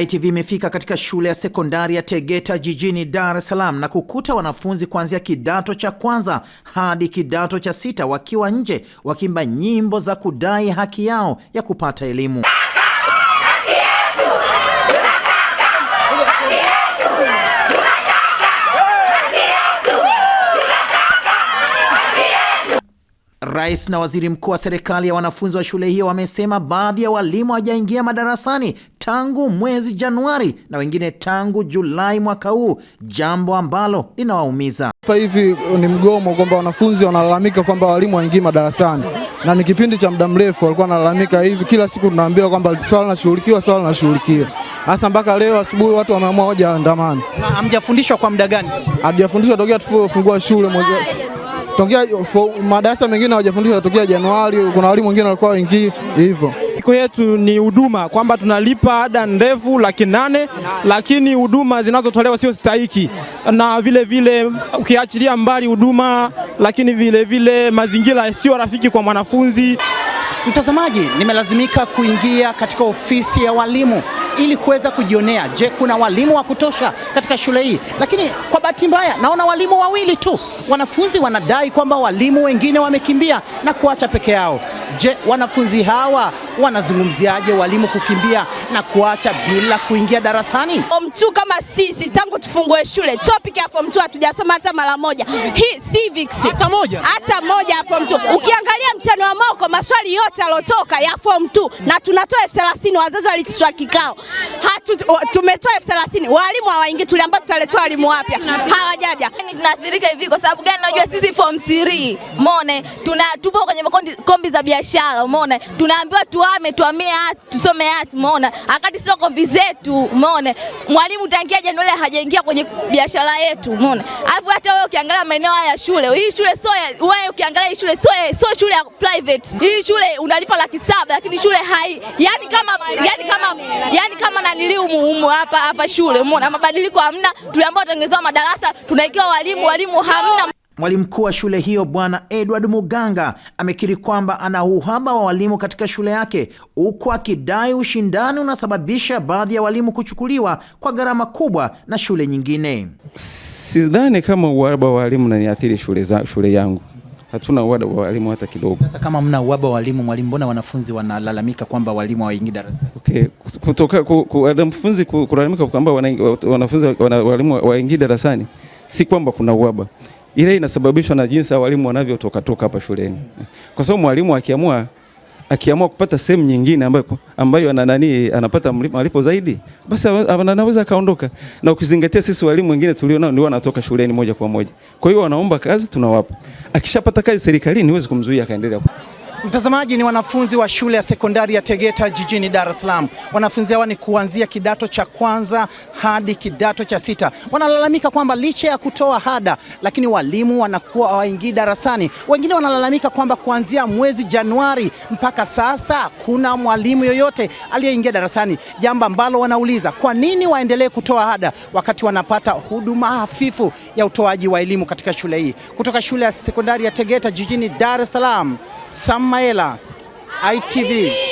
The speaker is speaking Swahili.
ITV imefika katika shule ya sekondari ya Tegeta jijini Dar es Salaam na kukuta wanafunzi kuanzia kidato cha kwanza hadi kidato cha sita wakiwa nje wakiimba nyimbo za kudai haki yao ya kupata elimu. Rais na waziri mkuu wa serikali ya wanafunzi wa shule hiyo wamesema baadhi ya walimu hawajaingia madarasani tangu mwezi Januari na wengine tangu Julai mwaka huu, jambo ambalo linawaumiza. Hapa hivi ni mgomo kwamba wanafunzi wanalalamika kwamba walimu waingii madarasani, na ni kipindi cha muda mrefu walikuwa wanalalamika hivi. Kila siku tunaambiwa kwamba swala linashughulikiwa, swala linashughulikiwa, hasa mpaka leo asubuhi watu wameamua hoja waandamani. Hamjafundishwa kwa muda gani sasa? Hatujafundishwa tokea tufungua shule mwezi tokea madarasa mengine hawajafundishwa tokea Januari. Kuna walimu wengine walikuwa waingii hivyo. Iko yetu ni huduma kwamba tunalipa ada ndefu laki nane, lakini huduma zinazotolewa sio stahiki, na vile vile ukiachilia mbali huduma, lakini vile vile mazingira sio rafiki kwa mwanafunzi. Mtazamaji, nimelazimika kuingia katika ofisi ya walimu ili kuweza kujionea, je, kuna walimu wa kutosha katika shule hii? Lakini kwa bahati mbaya naona walimu wawili tu. Wanafunzi wanadai kwamba walimu wengine wamekimbia na kuacha peke yao. Je, wanafunzi hawa wanazungumziaje walimu kukimbia na kuacha bila kuingia darasani? Form 2 kama sisi tangu tufungue shule topic ya form 2 hatujasoma hata mara moja. Hii civics. Hata moja. Hata moja form 2 maswali yote yalotoka ya form 2 na tunatoa elfu thelathini wazazi walitishwa kikao hatu, tumetoa elfu thelathini walimu hawaingii, tuliambao tutaletoa walimu wapya hawajaja. Tunaathirika hivi kwa sababu gani? Najua sisi form 3 mone tuna tupo kwenye kombi za biashara mone, tunaambiwa tuame tuamie art tusome art mone, akati sio kombi zetu mone. Mwalimu tangia Januari hajaingia kwenye biashara yetu mone, alafu hata wewe ukiangalia maeneo haya ya shule, hii shule sio wewe, ukiangalia hii shule sio sio shule ya private hii shule unalipa laki saba lakini shule hai yani kama yani kama yani kama nanili umuhumu hapa hapa shule, umeona mabadiliko hamna. Tuliambiwa tutengenezewa madarasa, tunaikiwa walimu, walimu hamna. Mwalimu mkuu wa shule hiyo Bwana Edward Muganga amekiri kwamba ana uhaba wa walimu katika shule yake, huku akidai ushindani unasababisha baadhi ya walimu kuchukuliwa kwa gharama kubwa na shule nyingine. Sidhani kama uhaba wa walimu unaniathiri shule, shule yangu hatuna uhaba wa walimu hata kidogo. Sasa kama mna uhaba wa walimu, mwalimu, mbona wanafunzi wanalalamika kwamba walimu hawaingii darasani? Okay, kutoka wanafunzi kulalamika kwamba wanafunzi walimu waingii darasani, si kwamba kuna uhaba ile inasababishwa na jinsi walimu wanavyotoka toka hapa shuleni, kwa sababu mwalimu akiamua akiamua kupata sehemu nyingine ambayo, ambayo ana nani anapata malipo zaidi, basi anaweza akaondoka. Na ukizingatia sisi walimu wengine tulio nao ni wanatoka shuleni moja kwa moja, kwa hiyo wanaomba kazi tunawapa. Akishapata kazi serikalini, huwezi kumzuia akaendelea Mtazamaji ni wanafunzi wa shule ya sekondari ya Tegeta jijini Dar es Salaam. Wanafunzi hawa ni kuanzia kidato cha kwanza hadi kidato cha sita. Wanalalamika kwamba licha ya kutoa hada, lakini walimu wanakuwa hawaingii darasani. Wengine wanalalamika kwamba kuanzia mwezi Januari mpaka sasa kuna mwalimu yoyote aliyeingia darasani, jambo ambalo wanauliza kwa nini waendelee kutoa hada wakati wanapata huduma hafifu ya utoaji wa elimu katika shule hii. Kutoka shule ya sekondari ya Tegeta jijini Dar es Salaam Sam Samaela, ITV.